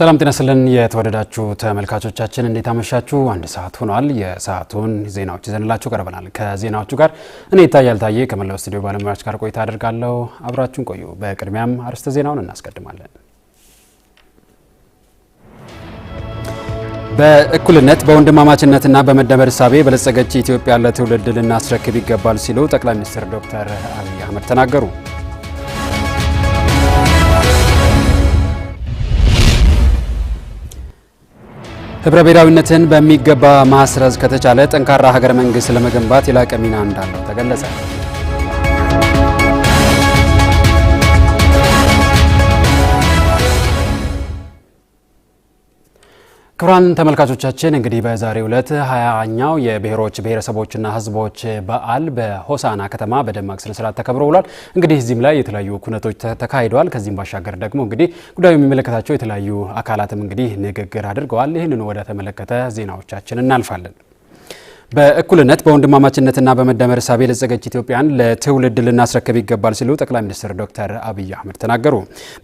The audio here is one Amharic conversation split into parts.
ሰላም ጤና ስለን የተወደዳችሁ ተመልካቾቻችን እንዴት አመሻችሁ? አንድ ሰዓት ሆኗል። የሰዓቱን ዜናዎች ይዘንላችሁ ቀርበናል። ከዜናዎቹ ጋር እኔ ይታያል ታዬ ከመላው ስቱዲዮ ባለሙያዎች ጋር ቆይታ አድርጋለሁ። አብራችሁን ቆዩ። በቅድሚያም አርዕስተ ዜናውን እናስቀድማለን። በእኩልነት በወንድማማችነትና በመደመር እሳቤ በለጸገች ኢትዮጵያ ለትውልድ ልናስረክብ ይገባል ሲሉ ጠቅላይ ሚኒስትር ዶክተር አብይ አህመድ ተናገሩ። ህብረ ብሔራዊነትን በሚገባ ማስረዝ ከተቻለ ጠንካራ ሀገረ መንግስት ለመገንባት የላቀ ሚና እንዳለው ተገለጸ። ክቡራን ተመልካቾቻችን እንግዲህ በዛሬ ዕለት ሀያኛው የብሔሮች ብሔረሰቦችና ሕዝቦች በዓል በሆሳና ከተማ በደማቅ ስነስርዓት ተከብሮ ውሏል። እንግዲህ እዚህም ላይ የተለያዩ ኩነቶች ተካሂደዋል። ከዚህም ባሻገር ደግሞ እንግዲህ ጉዳዩ የሚመለከታቸው የተለያዩ አካላትም እንግዲህ ንግግር አድርገዋል። ይህንን ወደ ተመለከተ ዜናዎቻችን እናልፋለን። በእኩልነት በወንድማማችነትና በመደመር እሳቤ የበለጸገች ኢትዮጵያን ለትውልድ ልናስረክብ ይገባል ሲሉ ጠቅላይ ሚኒስትር ዶክተር አብይ አህመድ ተናገሩ።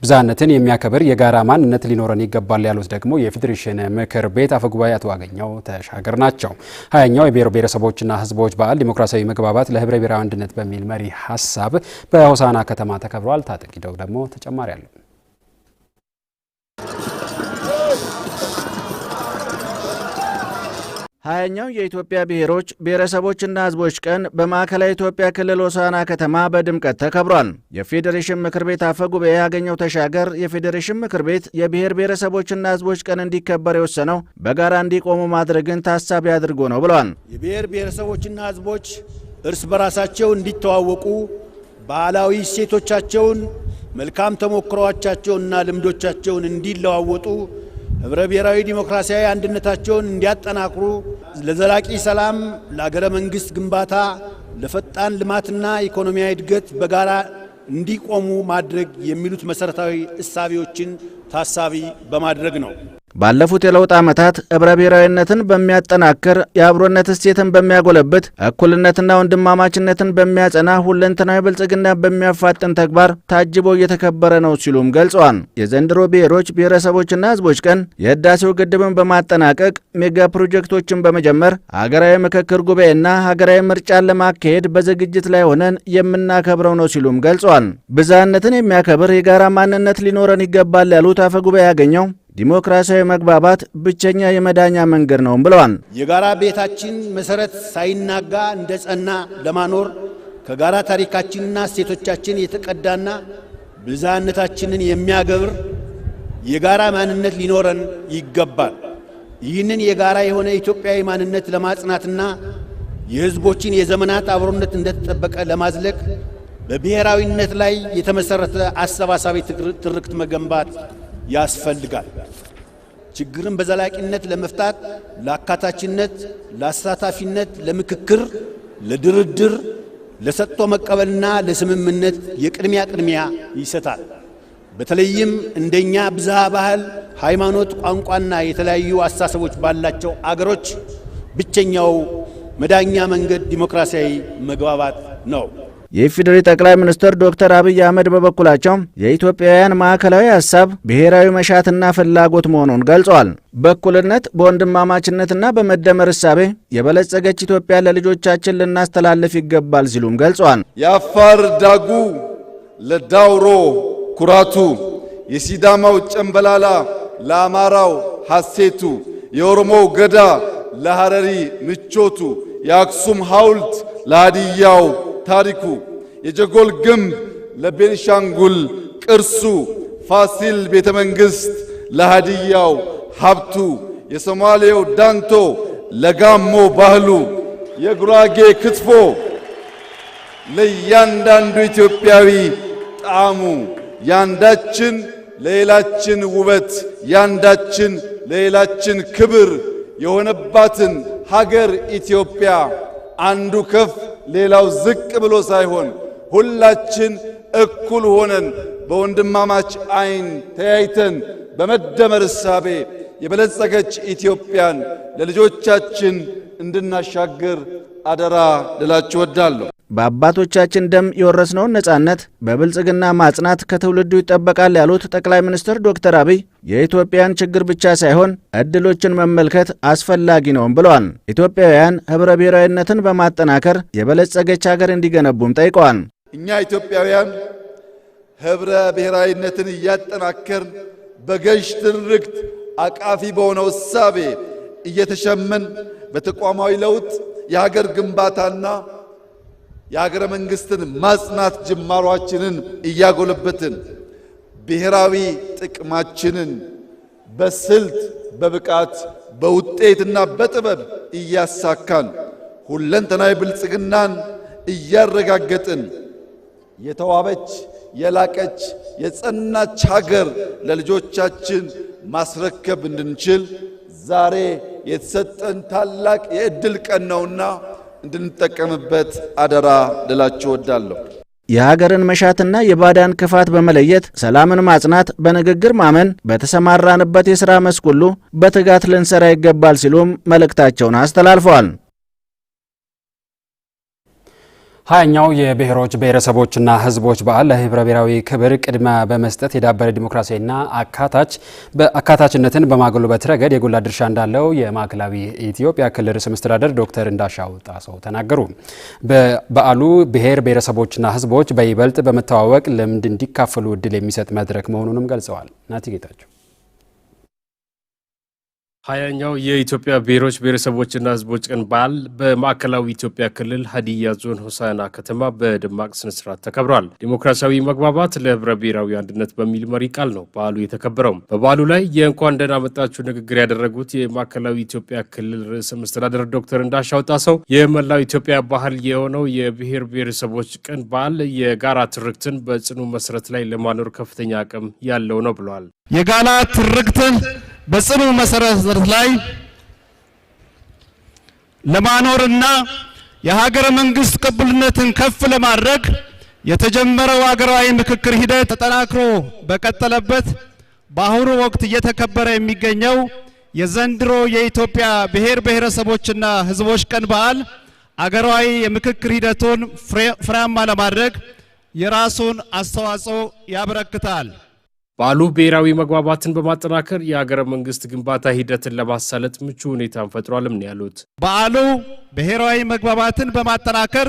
ብዝሃነትን የሚያከብር የጋራ ማንነት ሊኖረን ይገባል ያሉት ደግሞ የፌዴሬሽን ምክር ቤት አፈጉባኤ አቶ አገኘው ተሻገር ናቸው። ሀያኛው የብሔር ብሔረሰቦችና ህዝቦች በዓል ዲሞክራሲያዊ መግባባት ለህብረ ብሔራዊ አንድነት በሚል መሪ ሀሳብ በሆሳና ከተማ ተከብሯል። ታጠቂደው ደግሞ ተጨማሪ አለው ሀያኛው የኢትዮጵያ ብሔሮች ብሔረሰቦችና ህዝቦች ቀን በማዕከላዊ ኢትዮጵያ ክልል ሆሳና ከተማ በድምቀት ተከብሯል። የፌዴሬሽን ምክር ቤት አፈ ጉባኤ ያገኘው ተሻገር የፌዴሬሽን ምክር ቤት የብሔር ብሔረሰቦችና ህዝቦች ቀን እንዲከበር የወሰነው በጋራ እንዲቆሙ ማድረግን ታሳቢ አድርጎ ነው ብለዋል። የብሔር ብሔረሰቦችና ህዝቦች እርስ በራሳቸው እንዲተዋወቁ ባህላዊ እሴቶቻቸውን፣ መልካም ተሞክሮቻቸውንና ልምዶቻቸውን እንዲለዋወጡ ህብረ ብሔራዊ ዲሞክራሲያዊ አንድነታቸውን እንዲያጠናክሩ ለዘላቂ ሰላም፣ ለአገረ መንግሥት ግንባታ፣ ለፈጣን ልማትና ኢኮኖሚያዊ እድገት በጋራ እንዲቆሙ ማድረግ የሚሉት መሠረታዊ እሳቤዎችን ታሳቢ በማድረግ ነው። ባለፉት የለውጥ ዓመታት ኅብረ ብሔራዊነትን በሚያጠናክር የአብሮነት እሴትን በሚያጎለብት እኩልነትና ወንድማማችነትን በሚያጸና ሁለንተናዊ ብልጽግና በሚያፋጥን ተግባር ታጅቦ እየተከበረ ነው ሲሉም ገልጸዋል። የዘንድሮ ብሔሮች ብሔረሰቦችና ሕዝቦች ቀን የህዳሴው ግድብን በማጠናቀቅ ሜጋ ፕሮጀክቶችን በመጀመር ሀገራዊ ምክክር ጉባኤና ሀገራዊ ምርጫን ለማካሄድ በዝግጅት ላይ ሆነን የምናከብረው ነው ሲሉም ገልጸዋል። ብዝሃነትን የሚያከብር የጋራ ማንነት ሊኖረን ይገባል ያሉት አፈ ጉባኤ ያገኘው ዲሞክራሲያዊ መግባባት ብቸኛ የመዳኛ መንገድ ነውም ብለዋል። የጋራ ቤታችን መሰረት ሳይናጋ እንደ ጸና ለማኖር ከጋራ ታሪካችንና እሴቶቻችን የተቀዳና ብዝሃነታችንን የሚያገብር የጋራ ማንነት ሊኖረን ይገባል። ይህንን የጋራ የሆነ ኢትዮጵያዊ ማንነት ለማጽናትና የሕዝቦችን የዘመናት አብሮነት እንደተጠበቀ ለማዝለቅ በብሔራዊነት ላይ የተመሠረተ አሰባሳቢ ትርክት መገንባት ያስፈልጋል። ችግርን በዘላቂነት ለመፍታት ለአካታችነት፣ ለአሳታፊነት፣ ለምክክር፣ ለድርድር፣ ለሰጥቶ መቀበልና ለስምምነት የቅድሚያ ቅድሚያ ይሰጣል። በተለይም እንደኛ ብዝሃ ባህል፣ ሃይማኖት፣ ቋንቋና የተለያዩ አስተሳሰቦች ባላቸው አገሮች ብቸኛው መዳኛ መንገድ ዲሞክራሲያዊ መግባባት ነው። የኢፌዴሪ ጠቅላይ ሚኒስትር ዶክተር አብይ አህመድ በበኩላቸው የኢትዮጵያውያን ማዕከላዊ ሀሳብ ብሔራዊ መሻትና ፍላጎት መሆኑን ገልጸዋል። በእኩልነት በወንድማማችነትና በመደመር እሳቤ የበለጸገች ኢትዮጵያ ለልጆቻችን ልናስተላልፍ ይገባል ሲሉም ገልጸዋል። የአፋር ዳጉ ለዳውሮ ኩራቱ፣ የሲዳማው ጨምበላላ ለአማራው ሐሴቱ፣ የኦሮሞው ገዳ ለሐረሪ ምቾቱ፣ የአክሱም ሐውልት ለሃዲያው ታሪኩ፣ የጀጎል ግንብ ለቤንሻንጉል ቅርሱ፣ ፋሲል ቤተ መንግሥት ለሃዲያው ሀብቱ፣ የሶማሌው ዳንቶ ለጋሞ ባህሉ፣ የጉራጌ ክትፎ ለእያንዳንዱ ኢትዮጵያዊ ጣዕሙ፣ ያንዳችን ለሌላችን ውበት፣ ያንዳችን ለሌላችን ክብር የሆነባትን ሀገር ኢትዮጵያ አንዱ ከፍ ሌላው ዝቅ ብሎ ሳይሆን ሁላችን እኩል ሆነን በወንድማማች አይን ተያይተን በመደመር እሳቤ የበለጸገች ኢትዮጵያን ለልጆቻችን እንድናሻግር አደራ ልላችሁ ወዳለሁ። በአባቶቻችን ደም የወረስነውን ነጻነት በብልጽግና ማጽናት ከትውልዱ ይጠበቃል ያሉት ጠቅላይ ሚኒስትር ዶክተር አብይ የኢትዮጵያን ችግር ብቻ ሳይሆን እድሎችን መመልከት አስፈላጊ ነውም ብለዋል። ኢትዮጵያውያን ኅብረ ብሔራዊነትን በማጠናከር የበለጸገች ሀገር እንዲገነቡም ጠይቀዋል። እኛ ኢትዮጵያውያን ኅብረ ብሔራዊነትን እያጠናከርን በገዥ ትርክት አቃፊ በሆነው እሳቤ እየተሸመን በተቋማዊ ለውጥ የሀገር ግንባታና የሀገረ መንግስትን ማጽናት ጅማሯችንን እያጎለበትን ብሔራዊ ጥቅማችንን በስልት በብቃት በውጤትና በጥበብ እያሳካን ሁለንተናዊ ብልጽግናን እያረጋገጥን የተዋበች የላቀች የጸናች ሀገር ለልጆቻችን ማስረከብ እንድንችል ዛሬ የተሰጠን ታላቅ የእድል ቀን ነውና እንድንጠቀምበት አደራ ልላችሁ እወዳለሁ። የሀገርን መሻትና የባዳን ክፋት በመለየት ሰላምን ማጽናት፣ በንግግር ማመን፣ በተሰማራንበት የሥራ መስክ ሁሉ በትጋት ልንሰራ ይገባል ሲሉም መልእክታቸውን አስተላልፈዋል። ሀያኛው የብሔሮች ብሔረሰቦችና ህዝቦች በዓል ለህብረ ብሔራዊ ክብር ቅድሚያ በመስጠት የዳበረ ዲሞክራሲያዊና አካታች አካታችነትን በማጎልበት ረገድ የጎላ ድርሻ እንዳለው የማዕከላዊ ኢትዮጵያ ክልል ርዕሰ መስተዳደር ዶክተር እንዳሻው ጣሰው ተናገሩ። በበዓሉ ብሔር ብሔረሰቦችና ህዝቦች በይበልጥ በመተዋወቅ ልምድ እንዲካፈሉ እድል የሚሰጥ መድረክ መሆኑንም ገልጸዋል። ናቲ ጌታቸው ሀያኛው የኢትዮጵያ ብሔሮች ብሔረሰቦችና ሕዝቦች ቀን በዓል በማዕከላዊ ኢትዮጵያ ክልል ሀዲያ ዞን ሆሳና ከተማ በደማቅ ስነስርዓት ተከብሯል። ዲሞክራሲያዊ መግባባት ለህብረ ብሔራዊ አንድነት በሚል መሪ ቃል ነው በዓሉ የተከበረው። በበዓሉ ላይ የእንኳን ደህና መጣችሁ ንግግር ያደረጉት የማዕከላዊ ኢትዮጵያ ክልል ርዕሰ መስተዳደር ዶክተር እንዳሻው ጣሰው የመላው ኢትዮጵያ ባህል የሆነው የብሔር ብሔረሰቦች ቀን በዓል የጋራ ትርክትን በጽኑ መሰረት ላይ ለማኖር ከፍተኛ አቅም ያለው ነው ብለዋል። የጋራ ትርክትን በጽኑ መሰረት ላይ ለማኖርና የሀገረ መንግስት ቅቡልነትን ከፍ ለማድረግ የተጀመረው ሀገራዊ ምክክር ሂደት ተጠናክሮ በቀጠለበት በአሁኑ ወቅት እየተከበረ የሚገኘው የዘንድሮ የኢትዮጵያ ብሔር ብሔረሰቦችና ሕዝቦች ቀን በዓል አገራዊ የምክክር ሂደቱን ፍሬያማ ለማድረግ የራሱን አስተዋጽኦ ያበረክታል። በአሉ ብሔራዊ መግባባትን በማጠናከር የሀገረ መንግስት ግንባታ ሂደትን ለማሳለጥ ምቹ ሁኔታን ፈጥሯልም ነው ያሉት። በዓሉ ብሔራዊ መግባባትን በማጠናከር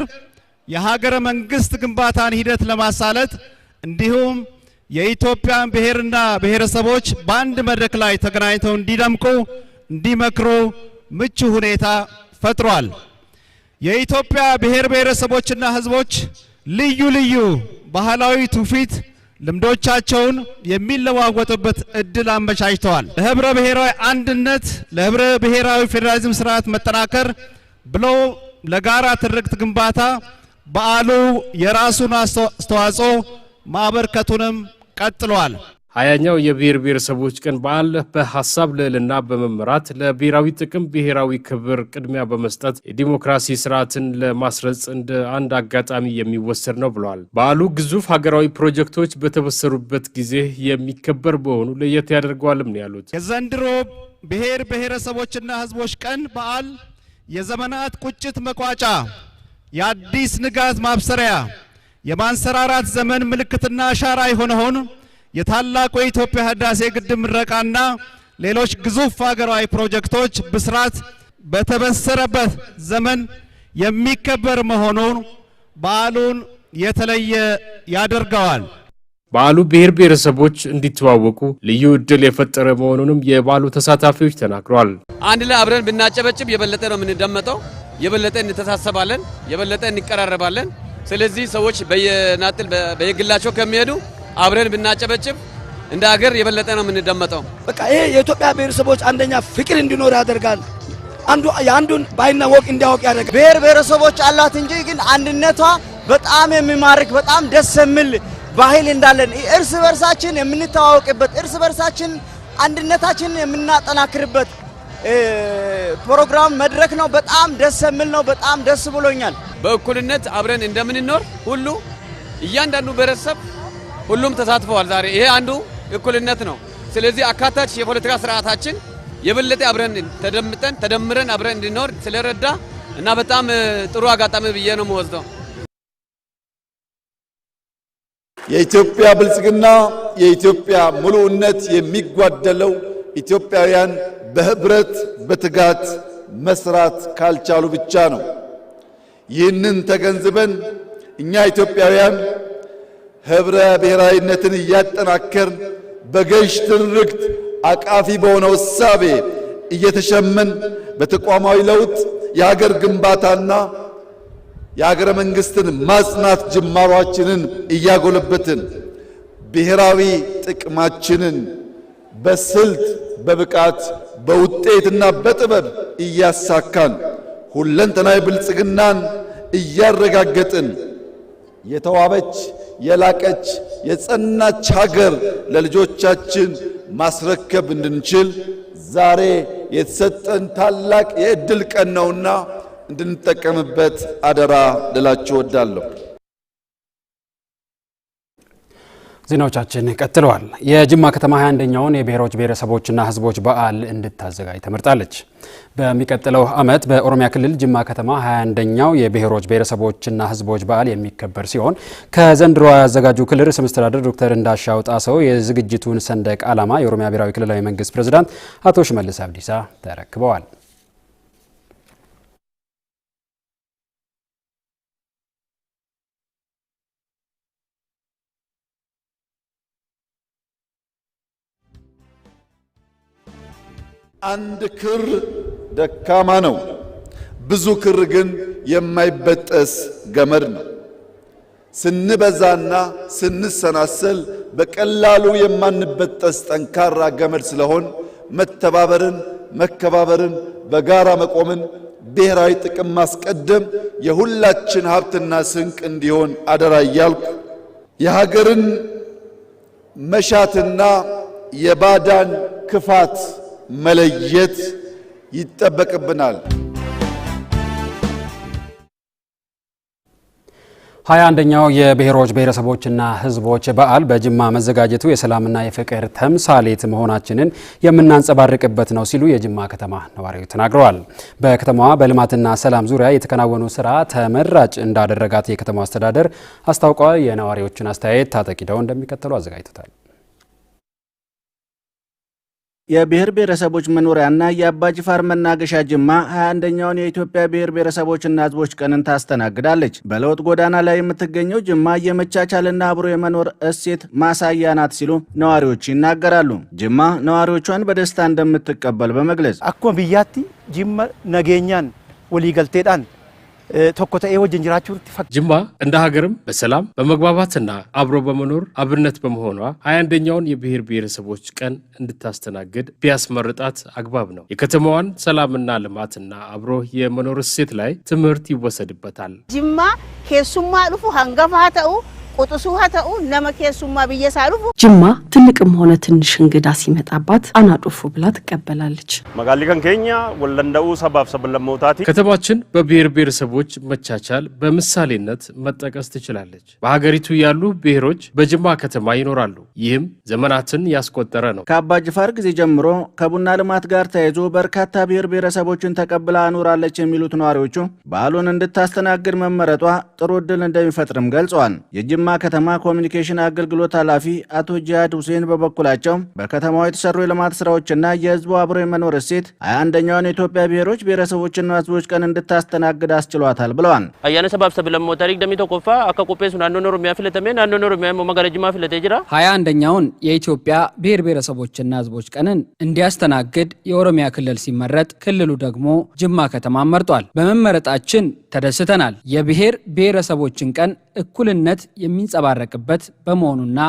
የሀገረ መንግስት ግንባታን ሂደት ለማሳለጥ እንዲሁም የኢትዮጵያን ብሔርና ብሔረሰቦች በአንድ መድረክ ላይ ተገናኝተው እንዲደምቁ እንዲመክሩ ምቹ ሁኔታ ፈጥሯል። የኢትዮጵያ ብሔር ብሔረሰቦችና ህዝቦች ልዩ ልዩ ባህላዊ ትውፊት ልምዶቻቸውን የሚለዋወጡበት እድል አመቻችተዋል። ለህብረ ብሔራዊ አንድነት፣ ለህብረ ብሔራዊ ፌዴራሊዝም ስርዓት መጠናከር ብሎ ለጋራ ትርክት ግንባታ በዓሉ የራሱን አስተዋጽኦ ማበርከቱንም ቀጥሏል። ሀያኛው የብሔር ብሔረሰቦች ቀን በዓል በሀሳብ ልዕልና በመምራት ለብሔራዊ ጥቅም ብሔራዊ ክብር ቅድሚያ በመስጠት የዲሞክራሲ ስርዓትን ለማስረጽ እንደ አንድ አጋጣሚ የሚወሰድ ነው ብለዋል። በዓሉ ግዙፍ ሀገራዊ ፕሮጀክቶች በተበሰሩበት ጊዜ የሚከበር በሆኑ ለየት ያደርገዋልም ነው ያሉት። የዘንድሮ ብሔር ብሔረሰቦችና ህዝቦች ቀን በዓል የዘመናት ቁጭት መቋጫ፣ የአዲስ ንጋት ማብሰሪያ፣ የማንሰራራት ዘመን ምልክትና አሻራ የሆነውን የታላቁ የኢትዮጵያ ህዳሴ ግድብ ምረቃና ሌሎች ግዙፍ ሀገራዊ ፕሮጀክቶች ብስራት በተበሰረበት ዘመን የሚከበር መሆኑን በዓሉን የተለየ ያደርገዋል። በዓሉ ብሔር ብሔረሰቦች እንዲተዋወቁ ልዩ እድል የፈጠረ መሆኑንም የበዓሉ ተሳታፊዎች ተናግረዋል። አንድ ላይ አብረን ብናጨበጭብ የበለጠ ነው የምንደመጠው፣ የበለጠ እንተሳሰባለን፣ የበለጠ እንቀራረባለን። ስለዚህ ሰዎች በየናጥል በየግላቸው ከሚሄዱ አብረን ብናጨበጭብ እንደ ሀገር የበለጠ ነው የምንደመጠው። በቃ ይሄ የኢትዮጵያ ብሔረሰቦች አንደኛ ፍቅር እንዲኖር ያደርጋል። አንዱ የአንዱን ባይና ወቅ እንዲያወቅ ያደርጋል። ብሔር ብሔረሰቦች አላት እንጂ ግን አንድነቷ በጣም የሚማርክ በጣም ደስ የሚል ባህል እንዳለን እርስ በርሳችን የምንተዋወቅበት እርስ በርሳችን አንድነታችን የምናጠናክርበት ፕሮግራም መድረክ ነው። በጣም ደስ የሚል ነው። በጣም ደስ ብሎኛል። በእኩልነት አብረን እንደምንኖር ሁሉ እያንዳንዱ ብሔረሰብ ሁሉም ተሳትፈዋል። ዛሬ ይሄ አንዱ እኩልነት ነው። ስለዚህ አካታች የፖለቲካ ስርዓታችን የበለጠ አብረን ተደምጠን ተደምረን አብረን እንድንኖር ስለረዳ እና በጣም ጥሩ አጋጣሚ ብዬ ነው የምወስደው። የኢትዮጵያ ብልጽግና የኢትዮጵያ ሙሉእነት የሚጓደለው ኢትዮጵያውያን በህብረት በትጋት መስራት ካልቻሉ ብቻ ነው። ይህንን ተገንዝበን እኛ ኢትዮጵያውያን ኅብረ ብሔራዊነትን እያጠናከርን በገዥ ትርክት አቃፊ በሆነው እሳቤ እየተሸመን በተቋማዊ ለውጥ የሀገር ግንባታና የሀገረ መንግስትን ማጽናት ጅማሯችንን እያጎለበትን ብሔራዊ ጥቅማችንን በስልት በብቃት በውጤትና በጥበብ እያሳካን ሁለንተናዊ ብልጽግናን እያረጋገጥን የተዋበች የላቀች የጸናች ሀገር ለልጆቻችን ማስረከብ እንድንችል ዛሬ የተሰጠን ታላቅ የእድል ቀን ነውና እንድንጠቀምበት አደራ ልላችሁ እወዳለሁ። ዜናዎቻችን ቀጥለዋል። የጅማ ከተማ 21ኛውን የብሔሮች ብሔረሰቦችና ህዝቦች በዓል እንድታዘጋጅ ተመርጣለች። በሚቀጥለው ዓመት በኦሮሚያ ክልል ጅማ ከተማ 21ኛው የብሔሮች ብሔረሰቦችና ህዝቦች በዓል የሚከበር ሲሆን ከዘንድሮ ያዘጋጁ ክልል ርዕሰ መስተዳድር ዶክተር እንዳሻው ጣሰው የዝግጅቱን ሰንደቅ ዓላማ የኦሮሚያ ብሔራዊ ክልላዊ መንግስት ፕሬዝዳንት አቶ ሽመልስ አብዲሳ ተረክበዋል። አንድ ክር ደካማ ነው፣ ብዙ ክር ግን የማይበጠስ ገመድ ነው። ስንበዛና ስንሰናሰል በቀላሉ የማንበጠስ ጠንካራ ገመድ ስለሆን መተባበርን፣ መከባበርን፣ በጋራ መቆምን፣ ብሔራዊ ጥቅም ማስቀደም የሁላችን ሀብትና ስንቅ እንዲሆን አደራ እያልኩ የሀገርን መሻትና የባዳን ክፋት መለየት ይጠበቅብናል። ሀያ አንደኛው የብሔሮች ብሔረሰቦችና ሕዝቦች በዓል በጅማ መዘጋጀቱ የሰላምና የፍቅር ተምሳሌት መሆናችንን የምናንጸባርቅበት ነው ሲሉ የጅማ ከተማ ነዋሪዎች ተናግረዋል። በከተማዋ በልማትና ሰላም ዙሪያ የተከናወኑ ስራ ተመራጭ እንዳደረጋት የከተማ አስተዳደር አስታውቋል። የነዋሪዎችን አስተያየት ታጠቂደው እንደሚከተሉ አዘጋጅቶታል። የብሔር ብሔረሰቦች መኖሪያና የአባጅፋር መናገሻ ጅማ 21ኛውን የኢትዮጵያ ብሔር ብሔረሰቦችና ህዝቦች ቀንን ታስተናግዳለች። በለውጥ ጎዳና ላይ የምትገኘው ጅማ የመቻቻልና አብሮ የመኖር እሴት ማሳያ ናት ሲሉ ነዋሪዎች ይናገራሉ። ጅማ ነዋሪዎቿን በደስታ እንደምትቀበል በመግለጽ አኮ ብያቲ ጅማ ነገኛን ወሊገልቴዳን tokko ta'ee wajjin jiraachuutti ጅማ እንደ ሀገርም በሰላም በመግባባትና አብሮ በመኖር አብነት በመሆኗ ሀያ አንደኛውን የብሔር ብሔረሰቦች ቀን እንድታስተናግድ ቢያስመርጣት አግባብ ነው። የከተማዋን ሰላምና ልማትና አብሮ የመኖር እሴት ላይ ትምህርት ይወሰድበታል። ጅማ ኬሱማ ዱፉ ሀንገፋ ተኡ ቁጥሱ ተኡ ለመኬሱማ ብዬ ሳሉፉ ጅማ ትልቅም ሆነ ትንሽ እንግዳ ሲመጣባት አናጦፉ ብላ ትቀበላለች። መጋሊቀን ኬኛ ወለንደኡ ሰባብ ሰብለመውታቲ ከተማችን በብሔር ብሔረሰቦች መቻቻል በምሳሌነት መጠቀስ ትችላለች። በሀገሪቱ ያሉ ብሔሮች በጅማ ከተማ ይኖራሉ። ይህም ዘመናትን ያስቆጠረ ነው። ከአባ ጅፋር ጊዜ ጀምሮ ከቡና ልማት ጋር ተያይዞ በርካታ ብሔር ብሔረሰቦችን ተቀብላ አኖራለች የሚሉት ነዋሪዎቹ በዓሉን እንድታስተናግድ መመረጧ ጥሩ እድል እንደሚፈጥርም ገልጸዋል። የጅማ ከተማ ኮሚኒኬሽን አገልግሎት ኃላፊ አቶ ጂሃድ ሁሴን በበኩላቸው በከተማው የተሰሩ የልማት ስራዎችና የህዝቡ አብሮ የመኖር እሴት ሀያ አንደኛውን የኢትዮጵያ ብሔሮች ብሔረሰቦችና ህዝቦች ቀን እንድታስተናግድ አስችሏታል ብለዋል። አያነ ሰባብ ሰብለሞ ታሪክ ደሚ ተቆፋ አካ ቆጴሱ ናኖ ኦሮሚያ ፍለተሜ ናኖ ኦሮሚያ መጋረ ጅማ ፍለቴ ጅራ ሀያ አንደኛውን የኢትዮጵያ ብሔር ብሔረሰቦችና ህዝቦች ቀንን እንዲያስተናግድ የኦሮሚያ ክልል ሲመረጥ፣ ክልሉ ደግሞ ጅማ ከተማ መርጧል። በመመረጣችን ተደስተናል። የብሔር ብሔረሰቦችን ቀን እኩልነት የሚንጸባረቅበት በመሆኑና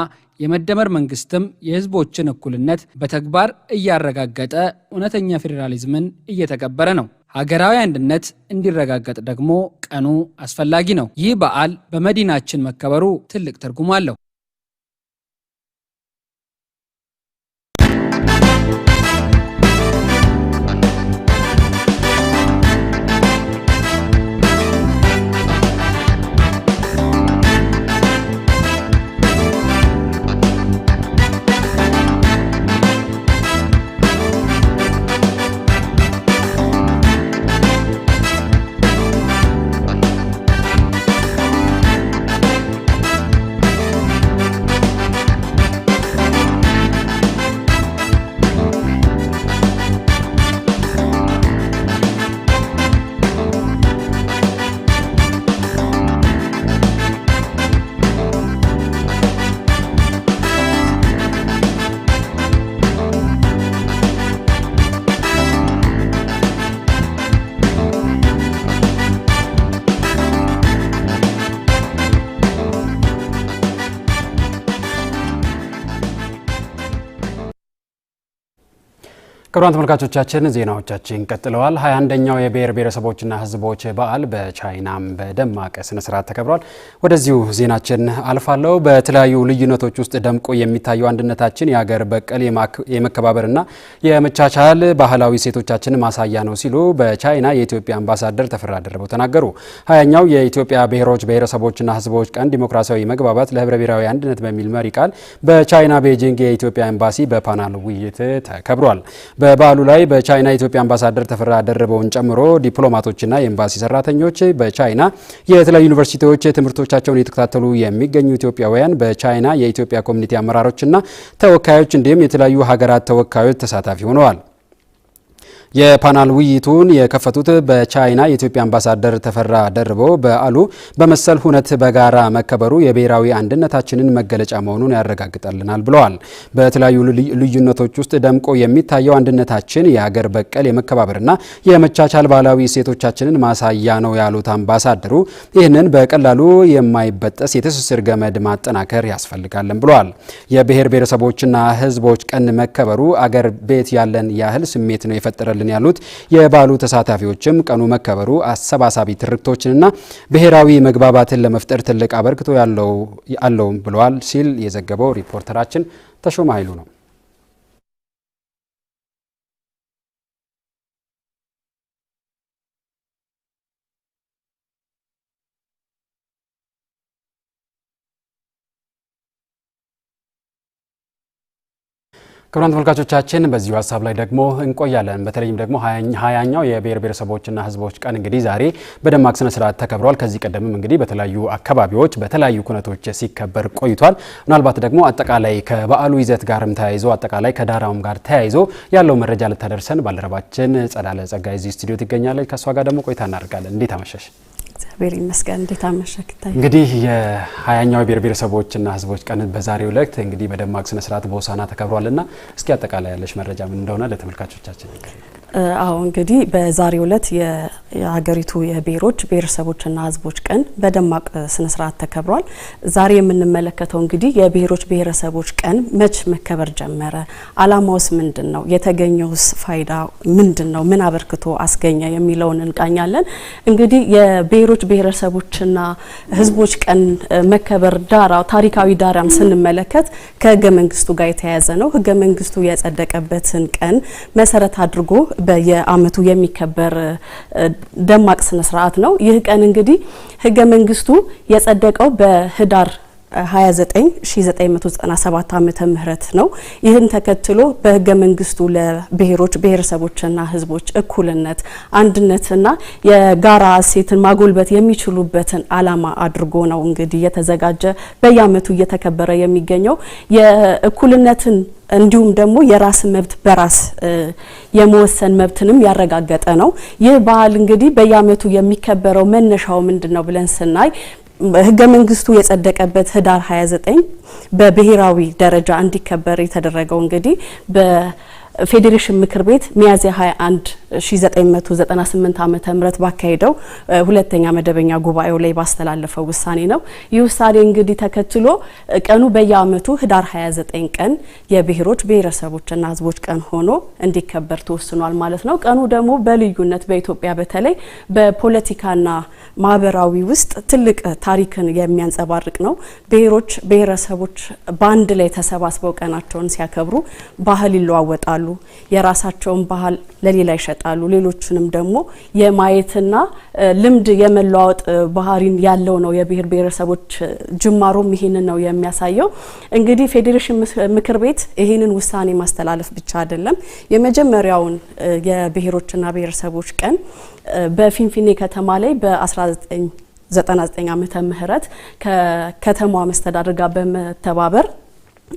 የመደመር መንግስትም የህዝቦችን እኩልነት በተግባር እያረጋገጠ እውነተኛ ፌዴራሊዝምን እየተቀበረ ነው። ሀገራዊ አንድነት እንዲረጋገጥ ደግሞ ቀኑ አስፈላጊ ነው። ይህ በዓል በመዲናችን መከበሩ ትልቅ ትርጉም አለው። ክቡራን ተመልካቾቻችን ዜናዎቻችን ቀጥለዋል ሀያ 2አንደኛው የብሔር ብሔረሰቦችና ሕዝቦች በዓል በቻይናም በደማቅ ስነ ስርዓት ተከብሯል። ወደዚሁ ዜናችን አልፋለሁ። በተለያዩ ልዩነቶች ውስጥ ደምቆ የሚታየው አንድነታችን የሀገር በቀል የመከባበርና የመቻቻል ባህላዊ ሴቶቻችን ማሳያ ነው ሲሉ በቻይና የኢትዮጵያ አምባሳደር ተፈራ ደርበው ተናገሩ ሀያኛው የኢትዮጵያ ብሔሮች ብሔረሰቦችና ሕዝቦች ቀን ዲሞክራሲያዊ መግባባት ለህብረ ብሔራዊ አንድነት በሚል መሪ ቃል በቻይና ቤጂንግ የኢትዮጵያ ኤምባሲ በፓናል ውይይት ተከብሯል። በበዓሉ ላይ በቻይና የኢትዮጵያ አምባሳደር ተፈራ ደርበውን ጨምሮ ዲፕሎማቶችና የኤምባሲ ሰራተኞች በቻይና የተለያዩ ዩኒቨርሲቲዎች ትምህርቶቻቸውን የተከታተሉ የሚገኙ ኢትዮጵያውያን በቻይና የኢትዮጵያ ኮሚኒቲ አመራሮችና ተወካዮች እንዲሁም የተለያዩ ሀገራት ተወካዮች ተሳታፊ ሆነዋል። የፓናል ውይይቱን የከፈቱት በቻይና የኢትዮጵያ አምባሳደር ተፈራ ደርቦ በዓሉ በመሰል ሁነት በጋራ መከበሩ የብሔራዊ አንድነታችንን መገለጫ መሆኑን ያረጋግጠልናል ብለዋል። በተለያዩ ልዩነቶች ውስጥ ደምቆ የሚታየው አንድነታችን የሀገር በቀል የመከባበርና የመቻቻል ባህላዊ እሴቶቻችንን ማሳያ ነው ያሉት አምባሳደሩ ይህንን በቀላሉ የማይበጠስ የትስስር ገመድ ማጠናከር ያስፈልጋለን ብለዋል። የብሔር ብሔረሰቦችና ሕዝቦች ቀን መከበሩ አገር ቤት ያለን ያህል ስሜት ነው የፈጠረ አቅርበዋልን ያሉት የበዓሉ ተሳታፊዎችም ቀኑ መከበሩ አሰባሳቢ ትርክቶችንና ብሔራዊ መግባባትን ለመፍጠር ትልቅ አበርክቶ አለው ብለዋል ሲል የዘገበው ሪፖርተራችን ተሾመ ኃይሉ ነው። ክቡራን ተመልካቾቻችን በዚሁ ሀሳብ ላይ ደግሞ እንቆያለን። በተለይም ደግሞ ሀያኛው የብሔር ብሔረሰቦችና ሕዝቦች ቀን እንግዲህ ዛሬ በደማቅ ስነ ስርዓት ተከብሯል። ከዚህ ቀደምም እንግዲህ በተለያዩ አካባቢዎች በተለያዩ ኩነቶች ሲከበር ቆይቷል። ምናልባት ደግሞ አጠቃላይ ከበዓሉ ይዘት ጋርም ተያይዞ አጠቃላይ ከዳራውም ጋር ተያይዞ ያለው መረጃ ልታደርሰን ባልደረባችን ጸዳለ ጸጋይ እዚህ ስቱዲዮ ትገኛለች። ከእሷ ጋር ደግሞ ቆይታ እናደርጋለን። እንዴት አመሻሽ? እግዚአብሔር ይመስገን። እንዴት አመሸህ? እንግዲህ የሀያኛው ብሔር ብሔረሰቦችና ህዝቦች ቀን በዛሬው ዕለት እንግዲህ በደማቅ ስነ ስርዓት በሆሳዕና ተከብሯልና እስኪ አጠቃላይ ያለሽ መረጃ ምን እንደሆነ ለተመልካቾቻችን አዎ እንግዲህ በዛሬው ዕለት የሀገሪቱ የብሔሮች ብሔረሰቦችና ሕዝቦች ቀን በደማቅ ስነስርዓት ተከብሯል። ዛሬ የምንመለከተው እንግዲህ የብሔሮች ብሔረሰቦች ቀን መች መከበር ጀመረ? አላማውስ ምንድን ነው? የተገኘውስ ፋይዳ ምንድን ነው? ምን አበርክቶ አስገኘ የሚለውን እንቃኛለን። እንግዲህ የብሔሮች ብሔረሰቦችና ሕዝቦች ቀን መከበር ዳራ ታሪካዊ ዳራም ስንመለከት ከህገ መንግስቱ ጋር የተያያዘ ነው። ህገ መንግስቱ የጸደቀበትን ቀን መሰረት አድርጎ በየአመቱ የሚከበር ደማቅ ስነ ስርዓት ነው። ይህ ቀን እንግዲህ ህገ መንግስቱ የጸደቀው በህዳር 2997 ዓመተ ምህረት ነው። ይህን ተከትሎ በህገ መንግስቱ ለብሔሮች ብሔረሰቦችና ህዝቦች እኩልነት አንድነትና የጋራ እሴትን ማጎልበት የሚችሉበትን አላማ አድርጎ ነው እንግዲህ እየተዘጋጀ በየአመቱ እየተከበረ የሚገኘው የእኩልነትን እንዲሁም ደግሞ የራስ መብት በራስ የመወሰን መብትንም ያረጋገጠ ነው። ይህ ባህል እንግዲህ በየአመቱ የሚከበረው መነሻው ምንድን ነው ብለን ስናይ ህገ መንግስቱ የጸደቀበት ህዳር 29 በብሔራዊ ደረጃ እንዲከበር የተደረገው እንግዲህ ፌዴሬሽን ምክር ቤት ሚያዝያ 21 1998 ዓመተ ምህረት ባካሄደው ሁለተኛ መደበኛ ጉባኤው ላይ ባስተላለፈው ውሳኔ ነው። ይህ ውሳኔ እንግዲህ ተከትሎ ቀኑ በየአመቱ ህዳር 29 ቀን የብሔሮች ብሔረሰቦችና ህዝቦች ቀን ሆኖ እንዲከበር ተወስኗል ማለት ነው። ቀኑ ደግሞ በልዩነት በኢትዮጵያ በተለይ በፖለቲካና ማህበራዊ ውስጥ ትልቅ ታሪክን የሚያንጸባርቅ ነው። ብሔሮች ብሔረሰቦች በአንድ ላይ ተሰባስበው ቀናቸውን ሲያከብሩ ባህል ይለዋወጣሉ የራሳቸውን ባህል ለሌላ ይሸጣሉ። ሌሎችንም ደግሞ የማየትና ልምድ የመለዋወጥ ባህሪን ያለው ነው የብሔር ብሔረሰቦች ጅማሮም ይህንን ነው የሚያሳየው። እንግዲህ ፌዴሬሽን ምክር ቤት ይህንን ውሳኔ ማስተላለፍ ብቻ አይደለም የመጀመሪያውን የብሔሮችና ብሔረሰቦች ቀን በፊንፊኔ ከተማ ላይ በ1999 ዓመተ ምህረት ከከተማዋ መስተዳድር ጋር በመተባበር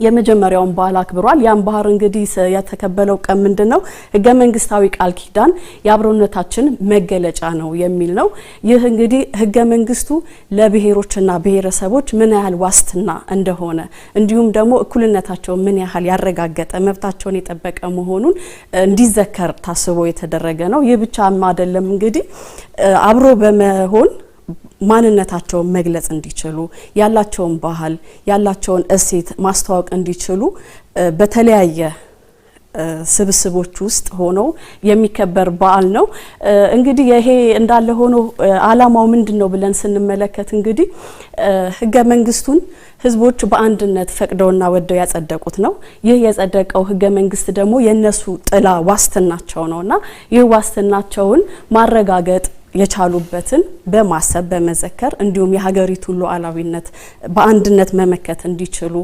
የመጀመሪያውን በዓል አክብሯል። ያን ባህር እንግዲህ የተከበለው ቀን ምንድን ነው? ህገ መንግስታዊ ቃል ኪዳን የአብሮነታችን መገለጫ ነው የሚል ነው። ይህ እንግዲህ ህገ መንግስቱ ለብሔሮችና ብሔረሰቦች ምን ያህል ዋስትና እንደሆነ እንዲሁም ደግሞ እኩልነታቸውን ምን ያህል ያረጋገጠ መብታቸውን የጠበቀ መሆኑን እንዲዘከር ታስቦ የተደረገ ነው። ይህ ብቻም አይደለም እንግዲህ አብሮ በመሆን ማንነታቸውን መግለጽ እንዲችሉ ያላቸውን ባህል ያላቸውን እሴት ማስተዋወቅ እንዲችሉ በተለያየ ስብስቦች ውስጥ ሆኖ የሚከበር በዓል ነው። እንግዲህ ይሄ እንዳለ ሆኖ ዓላማው ምንድን ነው ብለን ስንመለከት እንግዲህ ህገ መንግስቱን ህዝቦች በአንድነት ፈቅደውና ወደው ያጸደቁት ነው። ይህ የጸደቀው ህገ መንግስት ደግሞ የእነሱ ጥላ ዋስትናቸው ነውና ይህ ዋስትናቸውን ማረጋገጥ የቻሉበትን በማሰብ በመዘከር እንዲሁም የሀገሪቱን ሉዓላዊነት በአንድነት መመከት እንዲችሉ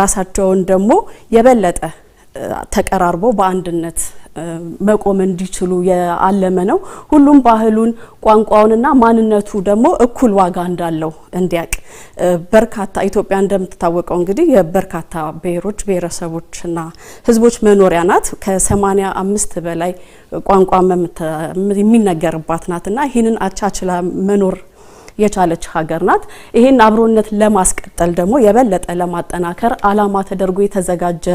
ራሳቸውን ደግሞ የበለጠ ተቀራርቦ በአንድነት መቆም እንዲችሉ ያለመ ነው። ሁሉም ባህሉን ቋንቋውንና ማንነቱ ደግሞ እኩል ዋጋ እንዳለው እንዲያቅ በርካታ ኢትዮጵያ እንደምትታወቀው እንግዲህ የበርካታ ብሔሮች ብሔረሰቦችና ሕዝቦች መኖሪያ ናት። ከሰማኒያ አምስት በላይ ቋንቋ የሚነገርባት ናትና ይህንን አቻችላ መኖር የቻለች ሀገር ናት። ይህን አብሮነት ለማስቀጠል ደግሞ የበለጠ ለማጠናከር አላማ ተደርጎ የተዘጋጀ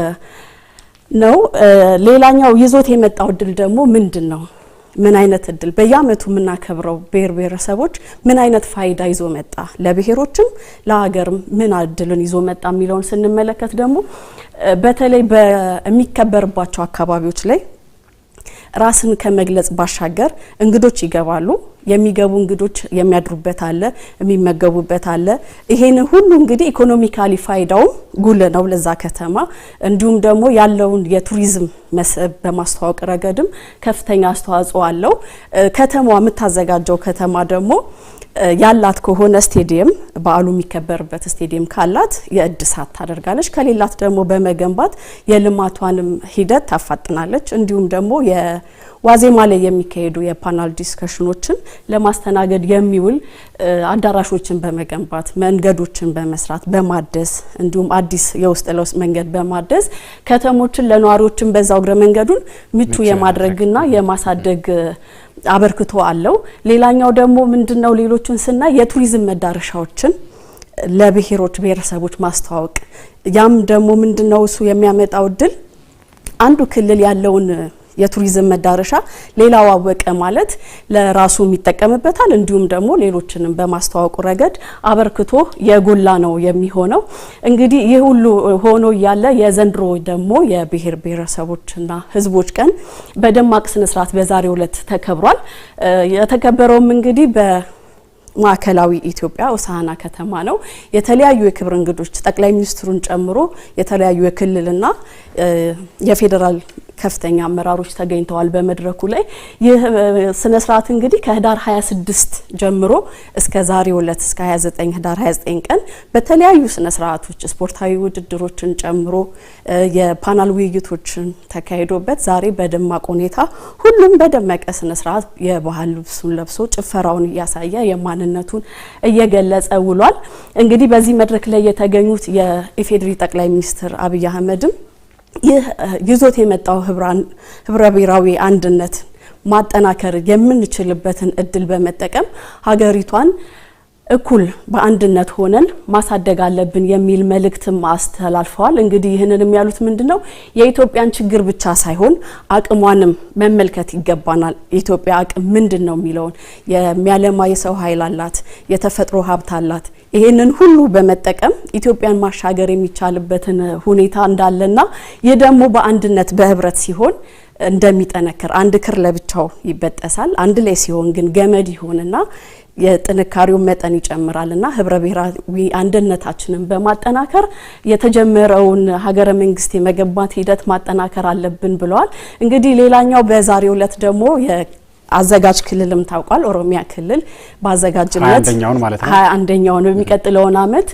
ነው። ሌላኛው ይዞት የመጣው እድል ደግሞ ምንድን ነው? ምን አይነት እድል በየአመቱ የምናከብረው ብሔር ብሔረሰቦች ምን አይነት ፋይዳ ይዞ መጣ፣ ለብሔሮችም ለሀገርም ምን እድልን ይዞ መጣ የሚለውን ስንመለከት ደግሞ በተለይ በሚከበርባቸው አካባቢዎች ላይ ራስን ከመግለጽ ባሻገር እንግዶች ይገባሉ። የሚገቡ እንግዶች የሚያድሩበት አለ፣ የሚመገቡበት አለ። ይሄን ሁሉ እንግዲህ ኢኮኖሚካሊ ፋይዳውም ጉል ነው ለዛ ከተማ። እንዲሁም ደግሞ ያለውን የቱሪዝም መስህብ በማስተዋወቅ ረገድም ከፍተኛ አስተዋጽኦ አለው። ከተማዋ የምታዘጋጀው ከተማ ደግሞ ያላት ከሆነ ስቴዲየም በዓሉ የሚከበርበት ስቴዲየም ካላት የእድሳት ታደርጋለች። ከሌላት ደግሞ በመገንባት የልማቷንም ሂደት ታፋጥናለች። እንዲሁም ደግሞ የዋዜማ ላይ የሚካሄዱ የፓናል ዲስከሽኖችን ለማስተናገድ የሚውል አዳራሾችን በመገንባት መንገዶችን በመስራት በማደስ እንዲሁም አዲስ የውስጥ ለውስጥ መንገድ በማደስ ከተሞችን ለነዋሪዎችን በዛው እግረ መንገዱን ምቹ የማድረግና የማሳደግ አበርክቶ አለው። ሌላኛው ደግሞ ምንድነው ሌሎቹን ስናይ የቱሪዝም መዳረሻዎችን ለብሔሮች ብሔረሰቦች ማስተዋወቅ ያም ደግሞ ምንድነው እሱ የሚያመጣው እድል አንዱ ክልል ያለውን የቱሪዝም መዳረሻ ሌላው አወቀ ማለት ለራሱ የሚጠቀምበታል እንዲሁም ደግሞ ሌሎችንም በማስተዋወቁ ረገድ አበርክቶ የጎላ ነው የሚሆነው። እንግዲህ ይህ ሁሉ ሆኖ እያለ የዘንድሮ ደግሞ የብሔር ብሔረሰቦችና ሕዝቦች ቀን በደማቅ ስነስርዓት በዛሬው ዕለት ተከብሯል። የተከበረውም እንግዲህ በ ማዕከላዊ ኢትዮጵያ ሆሳዕና ከተማ ነው። የተለያዩ የክብር እንግዶች ጠቅላይ ሚኒስትሩን ጨምሮ የተለያዩ የክልልና የፌዴራል ከፍተኛ አመራሮች ተገኝተዋል በመድረኩ ላይ። ይህ ስነ ስርዓት እንግዲህ ከህዳር 26 ጀምሮ እስከ ዛሬ ዕለት እስከ 29 ህዳር 29 ቀን በተለያዩ ስነ ስርዓቶች ስፖርታዊ ውድድሮችን ጨምሮ የፓናል ውይይቶችን ተካሂዶበት ዛሬ በደማቅ ሁኔታ ሁሉም በደመቀ ስነ ስርዓት የባህል ልብሱን ለብሶ ጭፈራውን እያሳየ የማንነቱን እየገለጸ ውሏል። እንግዲህ በዚህ መድረክ ላይ የተገኙት የኢፌዴሪ ጠቅላይ ሚኒስትር አብይ አህመድም ይህ ይዞት የመጣው ህብረ ብሔራዊ አንድነት ማጠናከር የምንችልበትን እድል በመጠቀም ሀገሪቷን እኩል በአንድነት ሆነን ማሳደግ አለብን የሚል መልእክትም አስተላልፈዋል። እንግዲህ ይህንንም ያሉት ምንድን ነው የኢትዮጵያን ችግር ብቻ ሳይሆን አቅሟንም መመልከት ይገባናል። የኢትዮጵያ አቅም ምንድን ነው የሚለውን የሚያለማ የሰው ኃይል አላት፣ የተፈጥሮ ሀብት አላት ይህንን ሁሉ በመጠቀም ኢትዮጵያን ማሻገር የሚቻልበትን ሁኔታ እንዳለና ይህ ደግሞ በአንድነት በህብረት ሲሆን እንደሚጠነክር አንድ ክር ለብቻው ይበጠሳል። አንድ ላይ ሲሆን ግን ገመድ ይሆንና የጥንካሬውን መጠን ይጨምራልና ህብረ ብሔራዊ አንድነታችንን በማጠናከር የተጀመረውን ሀገረ መንግስት የመገንባት ሂደት ማጠናከር አለብን ብለዋል። እንግዲህ ሌላኛው በዛሬው ዕለት ደግሞ አዘጋጅ ክልልም ታውቋል። ኦሮሚያ ክልል በአዘጋጅነት ሀያ አንደኛውን በሚቀጥለውን አመት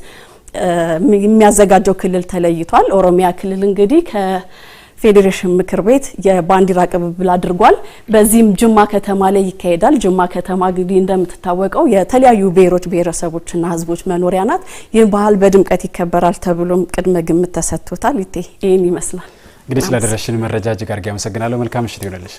የሚያዘጋጀው ክልል ተለይቷል። ኦሮሚያ ክልል እንግዲህ ከፌዴሬሽን ምክር ቤት የባንዲራ ቅብብል አድርጓል። በዚህም ጅማ ከተማ ላይ ይካሄዳል። ጅማ ከተማ እንግዲህ እንደምትታወቀው የተለያዩ ብሔሮች ብሔረሰቦችና ህዝቦች መኖሪያ ናት። ይህ ባህል በድምቀት ይከበራል ተብሎም ቅድመ ግምት ተሰጥቶታል። ይህን ይመስላል። እንግዲህ ስለደረሽን መረጃ እጅግ አድርጌ አመሰግናለሁ። መልካም ምሽት ይሆነልሽ።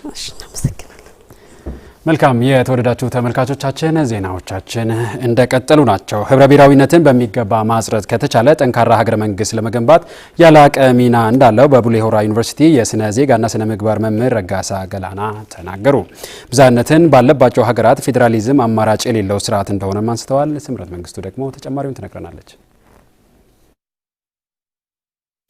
መልካም የተወደዳችሁ ተመልካቾቻችን ዜናዎቻችን እንደቀጠሉ ናቸው። ህብረ ብሔራዊነትን በሚገባ ማጽረት ከተቻለ ጠንካራ ሀገረ መንግስት ለመገንባት ያላቀ ሚና እንዳለው በቡሌሆራ ዩኒቨርሲቲ የስነ ዜጋና ስነ ምግባር መምህር ረጋሳ ገላና ተናገሩ። ብዛነትን ባለባቸው ሀገራት ፌዴራሊዝም አማራጭ የሌለው ስርዓት እንደሆነም አንስተዋል። ስምረት መንግስቱ ደግሞ ተጨማሪውን ትነግረናለች።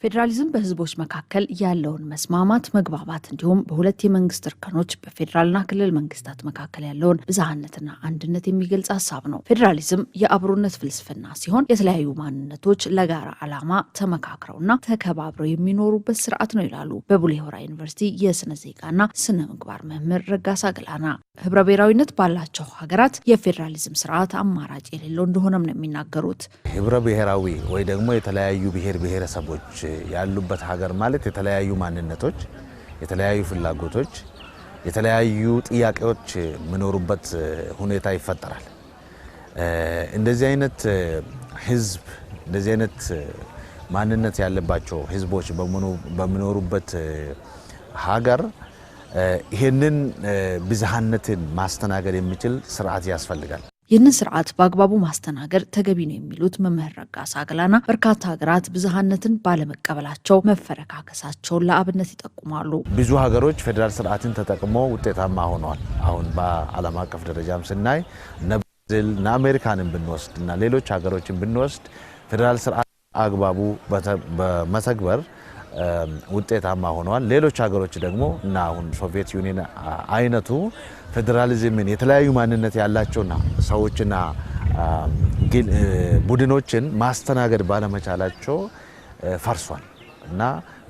ፌዴራሊዝም በህዝቦች መካከል ያለውን መስማማት፣ መግባባት እንዲሁም በሁለት የመንግስት እርከኖች በፌዴራልና ክልል መንግስታት መካከል ያለውን ብዝሃነትና አንድነት የሚገልጽ ሀሳብ ነው። ፌዴራሊዝም የአብሮነት ፍልስፍና ሲሆን የተለያዩ ማንነቶች ለጋራ ዓላማ ተመካክረውና ተከባብረው የሚኖሩበት ስርዓት ነው ይላሉ በቡሌ ሆራ ዩኒቨርሲቲ የስነ ዜጋና ስነ ምግባር መምህር ረጋሳ ገላና። ህብረ ብሔራዊነት ባላቸው ሀገራት የፌዴራሊዝም ስርዓት አማራጭ የሌለው እንደሆነም ነው የሚናገሩት። ህብረ ብሔራዊ ወይ ደግሞ የተለያዩ ብሔር ብሔረሰቦች ያሉበት ሀገር ማለት የተለያዩ ማንነቶች፣ የተለያዩ ፍላጎቶች፣ የተለያዩ ጥያቄዎች የሚኖሩበት ሁኔታ ይፈጠራል። እንደዚህ አይነት ህዝብ እንደዚህ አይነት ማንነት ያለባቸው ህዝቦች በሚኖሩበት ሀገር ይህንን ብዝሃነትን ማስተናገድ የሚችል ስርዓት ያስፈልጋል። ይህንን ስርዓት በአግባቡ ማስተናገድ ተገቢ ነው የሚሉት መምህር ረጋሳ አግላና በርካታ ሀገራት ብዝሃነትን ባለመቀበላቸው መፈረካከሳቸውን ለአብነት ይጠቁማሉ። ብዙ ሀገሮች ፌዴራል ስርዓትን ተጠቅሞ ውጤታማ ሆኗል። አሁን በዓለም አቀፍ ደረጃም ስናይ እነ ብራዚል እና አሜሪካንን ብንወስድ እና ሌሎች ሀገሮችን ብንወስድ ፌዴራል ስርዓት አግባቡ በመተግበር ውጤታማ ሆነዋል። ሌሎች ሀገሮች ደግሞ እና አሁን ሶቪየት ዩኒየን አይነቱ ፌዴራሊዝምን የተለያዩ ማንነት ያላቸውና ሰዎችና ቡድኖችን ማስተናገድ ባለመቻላቸው ፈርሷል እና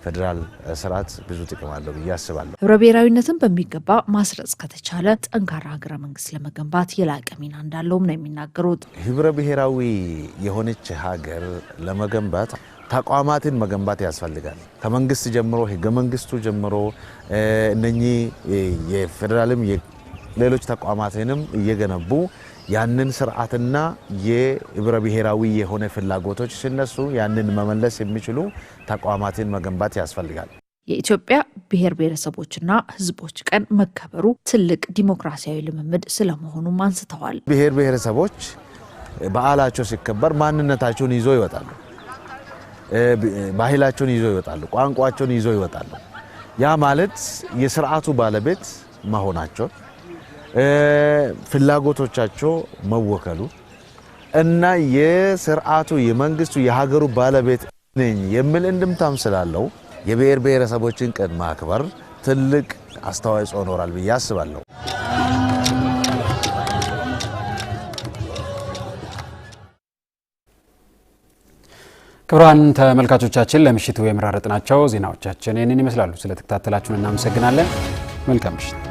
ፌዴራል ስርዓት ብዙ ጥቅም አለው ብዬ አስባለሁ። ህብረ ብሔራዊነትን በሚገባ ማስረጽ ከተቻለ ጠንካራ ሀገረ መንግስት ለመገንባት የላቀ ሚና እንዳለውም ነው የሚናገሩት። ህብረ ብሔራዊ የሆነች ሀገር ለመገንባት ተቋማትን መገንባት ያስፈልጋል። ከመንግስት ጀምሮ ህገ መንግስቱ ጀምሮ እነኚህ የፌዴራልም ሌሎች ተቋማትንም እየገነቡ ያንን ስርዓትና የህብረ ብሔራዊ የሆነ ፍላጎቶች ሲነሱ ያንን መመለስ የሚችሉ ተቋማትን መገንባት ያስፈልጋል። የኢትዮጵያ ብሔር ብሔረሰቦችና ህዝቦች ቀን መከበሩ ትልቅ ዲሞክራሲያዊ ልምምድ ስለመሆኑም አንስተዋል። ብሔር ብሔረሰቦች በዓላቸው ሲከበር ማንነታቸውን ይዞ ይወጣሉ። ባህላቸውን ይዘው ይወጣሉ፣ ቋንቋቸውን ይዘው ይወጣሉ። ያ ማለት የስርዓቱ ባለቤት መሆናቸው ፍላጎቶቻቸው መወከሉ እና የስርዓቱ የመንግስቱ የሀገሩ ባለቤት ነኝ የሚል እንድምታም ስላለው የብሔር ብሔረሰቦችን ቀን ማክበር ትልቅ አስተዋጽኦ ኖራል ብዬ አስባለሁ። ክቡራን ተመልካቾቻችን ለምሽቱ የመራረጥናቸው ዜናዎቻችን ይህንን ይመስላሉ። ስለተከታተላችሁን እናመሰግናለን። መልካም ምሽት